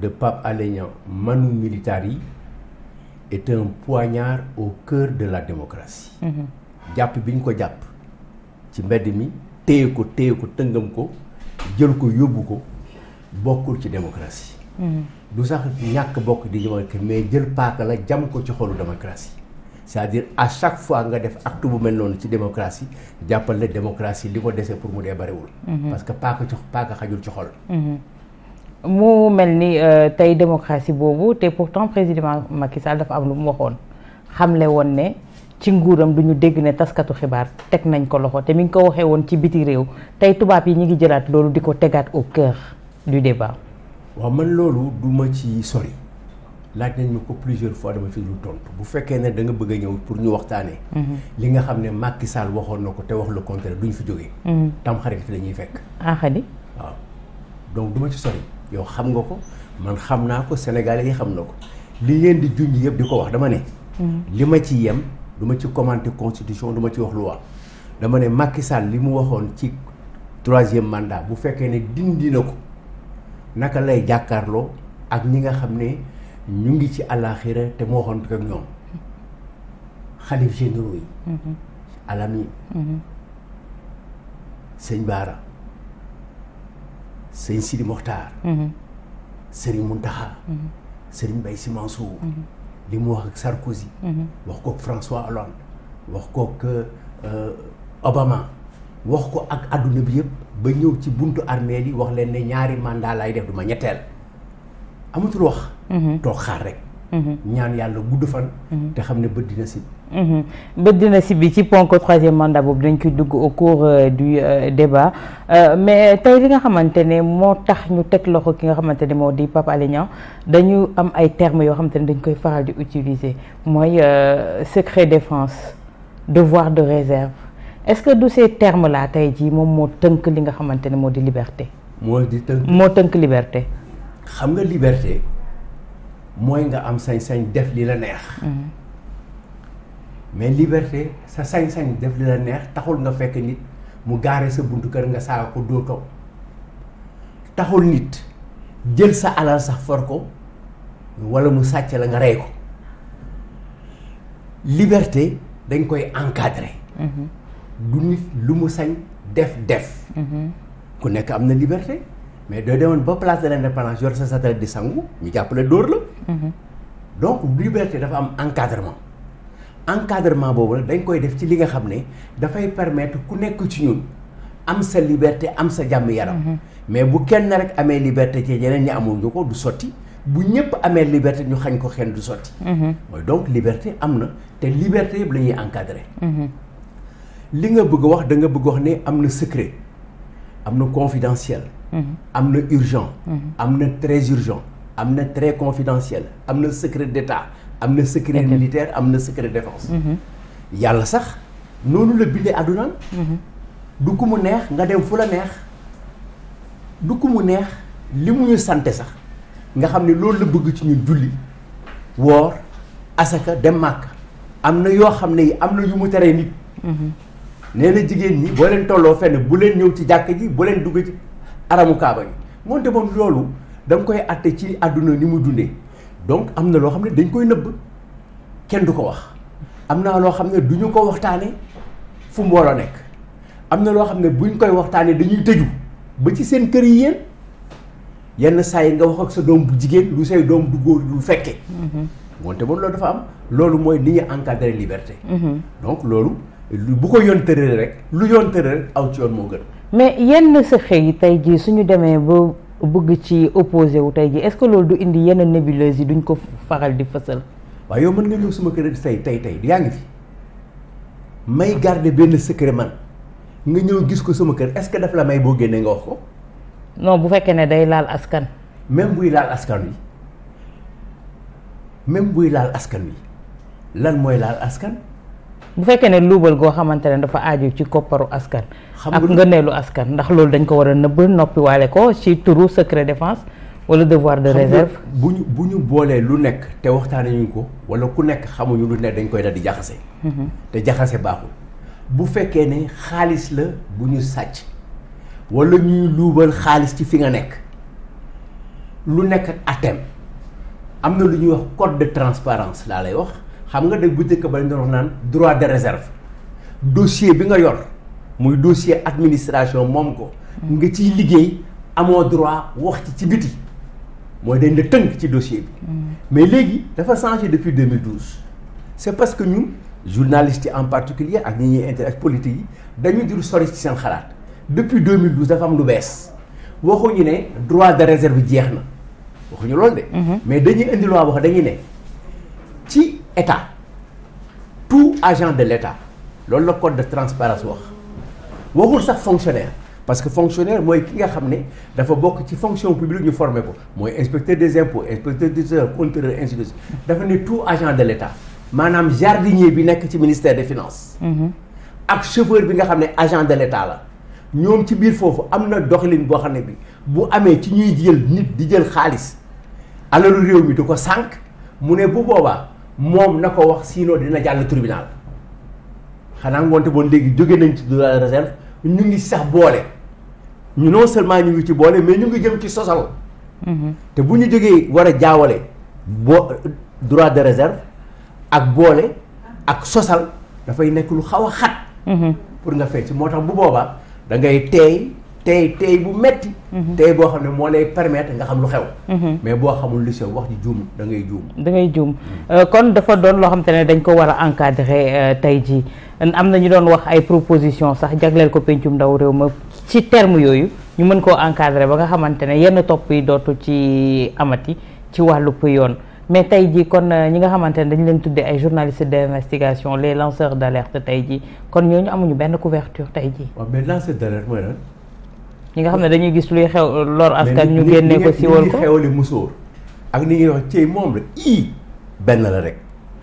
de Pape Alé Niang manu militari yi un poignard au cœur de la démocratie. Mhm. jàpp bi ñu ko jàpp ci mbedd mi téye ko téye ko tëngam ko jël ko yóbbu ko bokkul ci démocratie. Mhm. du sax ñàkk bokk di démocratie mais jël paaka la jàmm ko ci xolu démocratie c'est-à-dire à chaque fois nga def acte bu mel noonu ci démocratie jàppal ne démocratie li ko dese pour mu dee barewul. Mhm. parce que paaka ci paaka xajul ci xol. mu mel ni euh, tey démocratie boobu te pourtant président Macky dafa am lu mu waxoon xamle woon ne ci nguuram du ñu dégg ne taskatu xibaar teg nañ ko loxo te mi ngi ko waxee woon ci biti réew tey tubaab yi ñu ngi jëlaat loolu di ko tegaat au cœur du débat. waaw man loolu du ma ci sori laaj nañ ma ko plusieurs fois dama ci lu tontu bu fekkee ne da nga bëgg a ñëw pour ñu waxtaanee. Mhm. li nga xam ne Macky Sall waxoon na ko te wax le contraire fi jógee. Mhm. tam xarit ah, du ma ci yow xam nga ko man xam naa ko sénégalais yi xam na ko li ngeen di junj yëpp di ko wax dama ne. li ma ci yem du ma ci commenter constitution du ma ci wax loi dama ne Macky Sall li mu waxoon ci troisième mandat bu fekkee ne dindi na ko naka lay jàkkaarloo ak ñi nga xam ne ñu ngi ci àllaaxira te mu waxoon ko ak ñoom xalif généraux yi. Mm-hmm. alami. Mm-hmm. sëñ Baara. sëñ Sidi Mokhtar. Mhm. sëriñ Mountakha. Mhm. sëriñ Mbaye si Mansour. Mhm. li mu wax ak Sarkozy. wax ko ak François Hollande wax ko ak euh, Obama wax ko ak adduna bi yëpp ba ñëw ci buntu armée yi wax leen ne ñaari mandat lay def du ma ñetteel amatul wax. toog xaar rek. ñaan yàlla gudd fan. te xam ne bët dina si. Mhm. bët dina si bi ci ponk troisième mandat boobu dañ koy dugg au cours euh, du euh, débat euh, mais tey li nga xamante ne moo tax ñu teg loxo ki nga xamante ne moo di Pape dañu am ay termes yoo xamante ne dañ koy faral di utiliser mooy secret défense devoir de réserve est-ce que du ces termes là tey jii moom moo tënk li nga xamante ne moo di liberté. moo di moo tënk liberté. xam nga liberté mooy nga am sañ-sañ def li la neex. Mhm. mais liberté sa sañ-sañ def la neex taxul nga fekk nit mu gaare sa buntu kër nga saaga ko dóor ko taxul nit jël sa alal sax for ko wala mu sàcc la nga rey ko liberté dañ koy encadrer mhm. du nit lu mu sañ def def mhm. ku nekk am na liberté mais doo demoon ba place de l'indépendance yor sa satellite di sangu ñu jàpp jàppale dóor la mhm. donc liberté dafa am encadrement encadrement boobu nag dañ koy def ci li nga xam ne dafay permettre ku nekk ci ñun am sa liberté am sa jàmm yaram. Mm-hmm. mais bu kenn rek amee liberté ci ñeneen ñi amuñu ko du sotti bu ñëpp amee liberté ñu xañ ko xen du sotti. Mm-hmm. donc liberté am na te liberté yëpp la ñuy encadré. Mm-hmm. li nga bëgg wax danga nga bëgg wax ne am na secret am na confidentiel. am na urgent. am na très urgent am na très confidentiel am na secret d'état am na secret militaire am na secret défense mhm. yàlla sax noonu la bindee àddunaan mhm. du ku mu neex nga dem fu la neex du ku mu neex li mu ñu sante sax nga xam ne loolu la bëgg ci ñu julli woor asaka dem màkk am na yoo xam ne yi am na yu mu teree nit mhm. nee na jigéen ñi boo leen tolloo fenn bu leen ñëw ci jàkk ji bu leen dugg ci aramu kaaba yi moonte moom loolu da koy atte ci àdduna ni mu dundee donc am na loo xam ne dañ koy nëbb kenn du ko wax am naa loo xam ne du ñu ko waxtaane fu mbooloo nekk am na loo xam ne buñ koy waxtaanee dañuy tëju ba ci seen kër yi yenn saa yi nga wax ak sa doom bu jigéen lu say doom du góor du fekke mm-hmm. wante bon loolu dafa am loolu mooy ni ñu encadrer liberté mm-hmm. donc loolu bu ko yoon tëree rek lu yoon tëree rek aw ci yoon moo gën mais yenn sa yi tey jii suñu demee bëgg ci opposé wu tey ji est-ce que loolu du indi yenn nébuleuses yi duñ ko faral di fësal. waaw yow mën nga ñëw sama kër tey tey tey yaa ngi fi may garder benn secret man nga ñëw gis ko suma kër est-ce que daf la may boo génnee nga wax ko. non bu fekkee ne day laal askan. même buy laal askan wi même buy laal askan wi lan mooy laal askan. bu fekkee ne luubal goo xamante ne dafa aaju ci kopparu askan ak ngëneelu askan ndax loolu dañ ko war a nëbb noppi waale ko ci turu secret défense wala devoir de réserve bu ñu bu ñu boolee lu nekk te waxtaanuñu ko wala ku nekk xamuñu lu nekk dañ koy dal di jaxase mhm. te jaxase baaxul bu fekkee ne xaalis la bu ñu sàcc wala ñuy luubal xaalis ci fi nga nekk lu nekk ak am na lu ñuy wax code de transparence laa lay wax xam nga dëgg bu njëkk ba ñu doon wax naan droit de réserve dossier bi nga yor muy dossier administration moom ko nga ciy liggéey amoo droit wax ci ci biti mooy dañ la tënk ci dossier bi mm. mais léegi dafa changé depuis 2012 c' est parce que ñun journaliste en particulier ak ñi ñuy intérêt politique yi dañu dul sori ci seen xalaat depuis 2012 dafa am lu bees waxuñu ne droit de réserve jeex na waxuñu loolu de mm-hmm. mais dañuy indi loi wax dañuy ne ci état tout agent de l'état loolu la code de transparence wax waxul sax fonctionnaire parce que fonctionnaire mooy ki nga xam ne dafa bokk ci fonction publique ñu formé ko mooy inspecteur des impôts inspecteur des heures contrôleur ainsi de dafa ne tout agent de l'état maanaam jardinier bi nekk ci ministère des finances mhm. ak chauffeur bi nga xam ne agent de l'état la ñoom ci biir foofu am na doxalin boo xam ne bi bu amee ci ñuy jël nit di jël xaalis alalu réew mi du ko sànq mu ne bu boobaa moom na ko wax sinon dina jàll tribunal xanaa ngoonte boon léegi jóge nañ ci de réserve ñu ngi seex boole ñu non seulement ñu ngi ci boole mais ñu ngi jëm ci sosal mhm. te bu ñu jógee war a jaawale boo droit de réserve ak boole ak sosal dafay nekk lu xaw a xat mhm. pour nga fecc moo tax bu boobaa da teey tey tey bu metti mhm. tey boo xam ne moo lay permettre nga xam lu xew. Mhm. mais boo xamul lu sew wax ji juum da ngay juum. da ngay juum mhm. euh, kon dafa doon loo xam ne dañ ko war a encadrer euh, tey jii am na ñu doon wax ay proposition sax jagleel ko pencum ndaw réew ma ci terme yooyu ñu mën koo encadrer ba nga xamante ne yenn topp yi dootu ci amati ci wàllu yoon. mais tey jii kon euh, ñi nga xamante ne dañ leen tuddee ay journalistes d'investigation les lanceurs d'alerte tey jii kon ñooñu amuñu benn couverture tey jii. lan. ñi nga xam ne dañuy gis luy xew lor askan ñu génne ko siwal ko mu musóor ak ni ñuy wax cey moom la ii benn la rek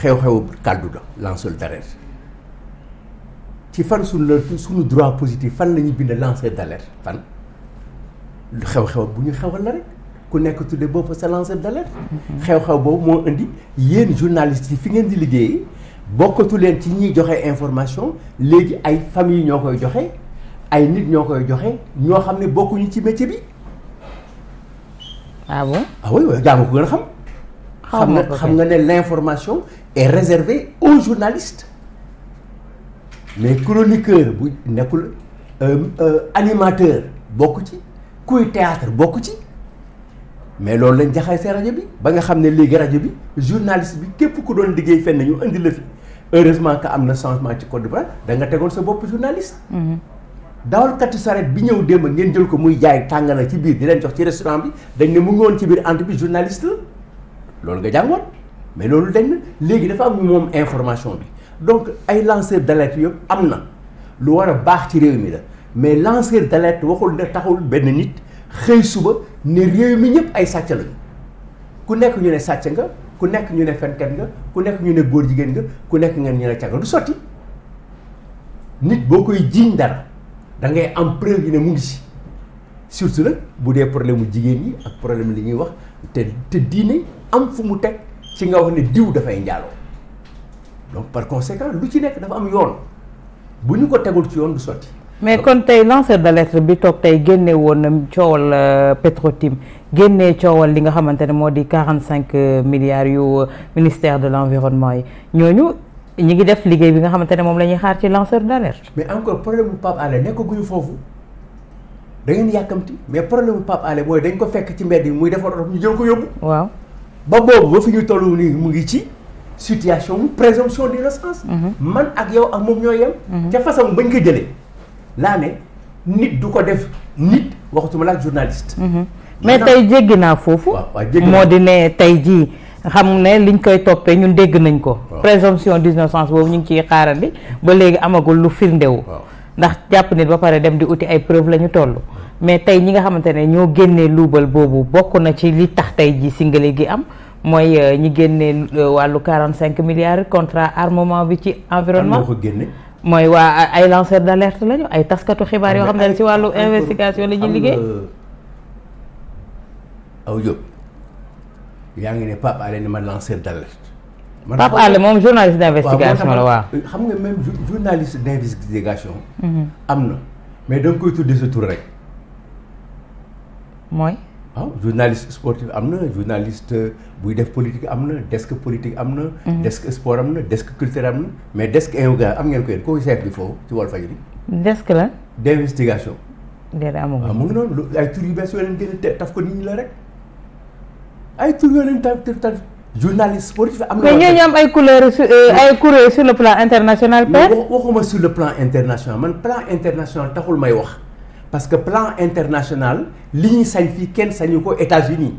xew-xew kàddu la lancer d'alerte ci fan suñu la suñu droit positif fan la ñuy bind lancer d'alerte fan xew-xew bu ñu xewal la rek ku nekk tudde bopp sa lancer d'alerte mm-hmm. xew-xew boobu moo indi yéen journalistes yi fi ngeen di liggéey bokkatu leen ci ñiy joxe information léegi ay famille ñoo koy joxe ay nit ñoo koy joxe ñoo xam ne bokkuñu ci métier bi. ah bon ah oui waaw jàng ko gën a xam. xam nga xam nga ne l'information est réservée aux journalistes mais chroniqueur bu nekkul euh, euh, animateur bokk ci kuy théâtre bokk ci mais loolu lañ jaxase rajo bi ba nga xam ne léegi rajo bi journaliste bi képp ku doon liggéey fenn ñu indi la fi heureusement que am na changement ci code barre da tegoon sa bopp journaliste. Mm-hmm. dawalkati saret bi ñëw démb ngeen jël ko muy jaay tàngana ci biir di leen jox ci restaurant bi dañ ne mu ngi ci biir entreprise journaliste loolu nga jàngoon mais loolu dañ ne léegi dafa am moom information bi donc ay lanceur d'alerte yëpp am na lu war a baax ci réew mi la mais lanceur d'alerte waxul ne taxul benn nit xëy suba ne réew mi ñëpp ay sàcc lañu ku nekk ñu ne sàcc nga ku nekk ñu ne fenkat nga ku nekk ñu ne góor jigéen nga ku nekk ngeen ñu ne càgg nit boo koy jiiñ dara da ngay am preuve yu ne mu ngi si surtout la bu dee problème mu jigéen ñi ak problème li ñuy wax te te diine am fu mu teg ci nga wax ne diw dafay njaaloo donc par conséquent lu ci nekk dafa am yoon bu ñu ko tegul ci yoon du sotti. mais kon tey lanceur d'alerte bi toog tey génne woon coowal euh, Petro-Tim génne coowal li nga xamante ne moo di quarante cinq euh, milliards yu euh, ministère de l'environnement yi ñooñu. ñi ngi def liggéey bi nga xamante ne moom la ñuy xaar ci lanceur d'alerte mais encore problème bu Pape Alé foofu da yàkkamti mais problème bu Pape Alé mooy dañ ko fekk ci mbedd yi muy defar oto ñu jël ko yóbbu. waaw ba boobu ba fi ñu toll nii mu ngi ci situation mu présomption d'innocence. Mhm. man ak yow ak moom ñoo yem. Mhm. ca façon bañ ko jëlee laa ne nit du ko def nit waxatuma la ak journaliste. Mhm. mais tey jéggi naa foofu. moo di ne tey jii. xam ne liñ koy toppee ñun dégg nañ ko présomption d'innocence boobu ñu ngi ciy xaarandi ba léegi amagul lu firndewu ndax jàpp nit ba pare dem di uti ay preuve la ñu toll mais tey ñi nga xamante ne ñoo génnee luubal boobu bokk na ci li tax tey ji singale gi am mooy euh, ñi génnee euh, wàllu quarante cinq milliards contrat armement bi ci environnement mooy waa ay lanceur d' alerte lañu ay taskatu xibaar ah, yoo xam ne ci wàllu investigation la ñuy liggéey yaa ngi ne Pape Alé ni ma lanceur d' alerte. man Pape Alé moom journaliste d' la waaw. xam nga même journaliste d' investigation. Mhm. am na mais da nga koy tuddee a tur rek. mooy. waaw ah, journaliste sportif am na journaliste euh, buy def politique am na desk politique am na. Mhm. desk sport am na desk culture am na mais desk inga am ngeen ko yéen kooku chef bi foofu ci Walfadjri. desk la. d' investigation. déedéet amagul waaw ah, mu ngi noonu ay tur yu bees yoo leen gën a ay tur yooyu lañ tamit tamit journaliste sportif am na. mais am ay couleurs su euh, ay kuréel sur le plan international. mais waxuma sur le plan international man plan international taxul may wax parce que plan international li ñuy sañ fii kenn sañu ko États-Unis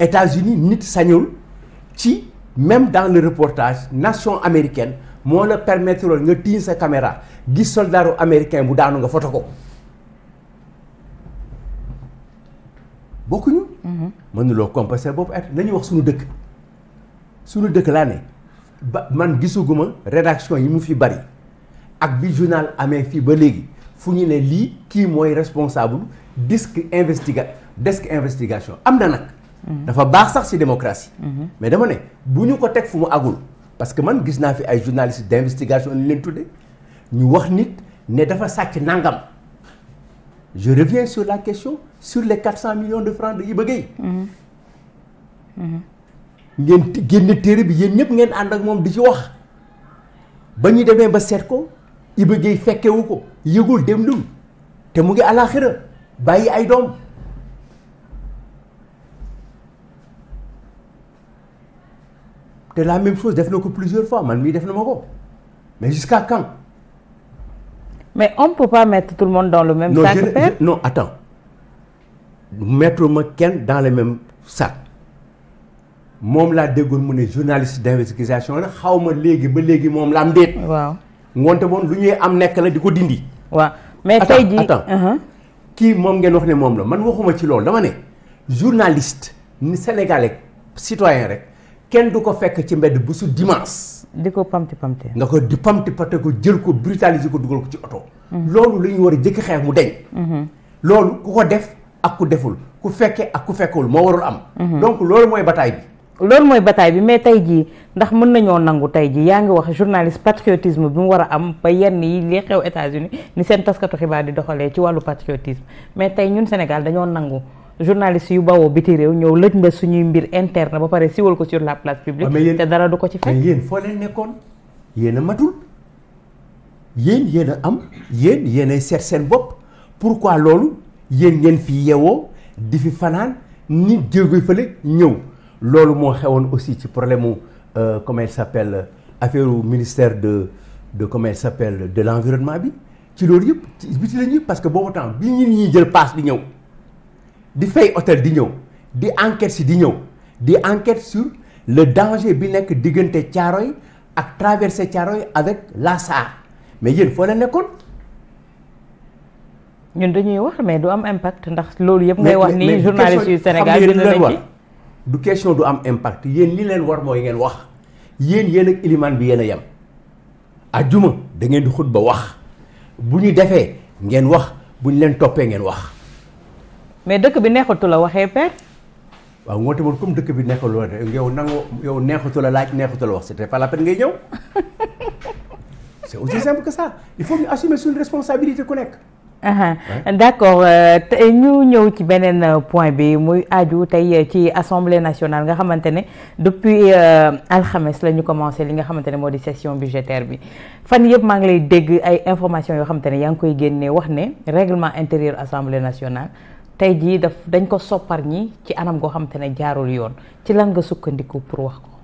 États-Unis nit sañul ci même dans le reportage nation américaine moo la permettre nga tiiñ sa caméra gis soldaaru américain bu daanu nga foto ko. bokkuñu. Mhm. mënuloo compenser boobu at nañu wax suñu dëkk suñu dëkk laa ne ba man gisuguma rédaction yi mu fi bari ak bi journal amee fii ba léegi fu ñu ne lii kii mooy responsable disque investiga desk investigation am na nag. Mhm. dafa baax sax ci démocratie. Mhm. mais dama ne bu ñu ko teg fu mu agul parce que man gis naa fi ay journalistes d'investigation ñu leen tudde ñu wax nit ne dafa sàcc nangam. je reviens sur la question sur les 400 millions de francs de Iba Gueye ngeen génn téere bi yéen ñëpp ngeen ànd ak moom di ci wax ba ñu demee ba seet ko Iba Gueye fekkewu ko yëgul dem dul te mu ngi àlaxira bàyyi ay doom te la même chose def na ko plusieurs fois man mii def na ma ko mais jusqu'à quand mais on ne peut pas mettre tout le monde dans le même non, sac. Je, ma kenn dans le même sac moom laa déggoon mu ne journaliste d'investigation la xaw ma léegi ba léegi moom la am déet. waaw ngoonte moom lu ñuy am nekk la di ko dindi. waa mais tey jii attends uh-huh. kii moom ngeen wax ne moom la man waxuma ci loolu dama ne journaliste ni sénégale citoyen rek kenn du ko fekk ci mbedd bu su dimanche. di ko pamti pamti. nga ko di pamti pamti ko jël ko brutaliser ko dugal ko ci oto. Mhm. loolu la ñu war a jëkk xeex mu deñ. Mhm. loolu ku ko def ak ku deful ku fekkee ak ku fekkul moo warul am. Mhm. donc loolu mooy bataille bi. loolu mooy bataille bi mais tey jii ndax mën nañoo nangu tey jii yaa ngi wax journaliste patriotisme bi mu war a am ba yenn yi li xew États-Unis ni seen taskatu xibaar di doxalee ci wàllu patriotisme mais tey ñun Sénégal dañoo nangu. journaliste yu bawoo biti réew ñëw lëj mba suñuy mbir interne ba pare siwal ko sur la place publique ah, te dara du ko ci fekk mais yéen foo leen nekkoon yéen a matul yéen yéen a am yéen yéen ay seet seen bopp pourquoi loolu yéen ngeen fi yewoo di fi fanaan nit jéegoy fële ñëw loolu moo xewoon aussi ci problème mu euh, comment il s'appelle affaire ministère de de comment il s'appelle de l'environnement bi ci loolu yëpp ci biti la ñuy parce que boobu temps bi ñun ñuy jël paas di ñëw di fay hôtel di ñëw di enquête si di ñëw di enquête sur le danger bi nekk diggante Thiaroye ak traversé Thiaroye avec la SAR mais yéen foo leen nekkoon. ñun dañuy wax mais du am impact ndax loolu yëpp. ngay wax ni journaliste yu Sénégal bind nañ ci du question du am impact yéen li leen war mooy ngeen wax yéen yéen ak ilimaan bi yéen a yem. ajuma da ngeen di xutba wax bu ñu defee ngeen wax bu ñu leen toppee ngeen wax. mais dëkk bi neexatula la waxee père. waaw moo taxoon comme dëkk bi neexatu la yow nangoo yow neexatu la laaj neexatu la wax c'était pas la peine ngay ñëw c'est aussi simple que ça il faut ñu assumer ñëw ci beneen point bi muy aju tey ci assemblée nationale nga xamante ne depuis alxames la ñu commencé li nga xamante ne moo di session budgétaire bi fan yëpp maa ngi lay dégg ay information yoo xamante ne yaa ngi koy génnee wax ne réglement intérieur assemblée nationale tey jii daf dañ ko soppar ñi ci anam goo xam te ne jaarul yoon ci lan nga sukkandiku pour wax ko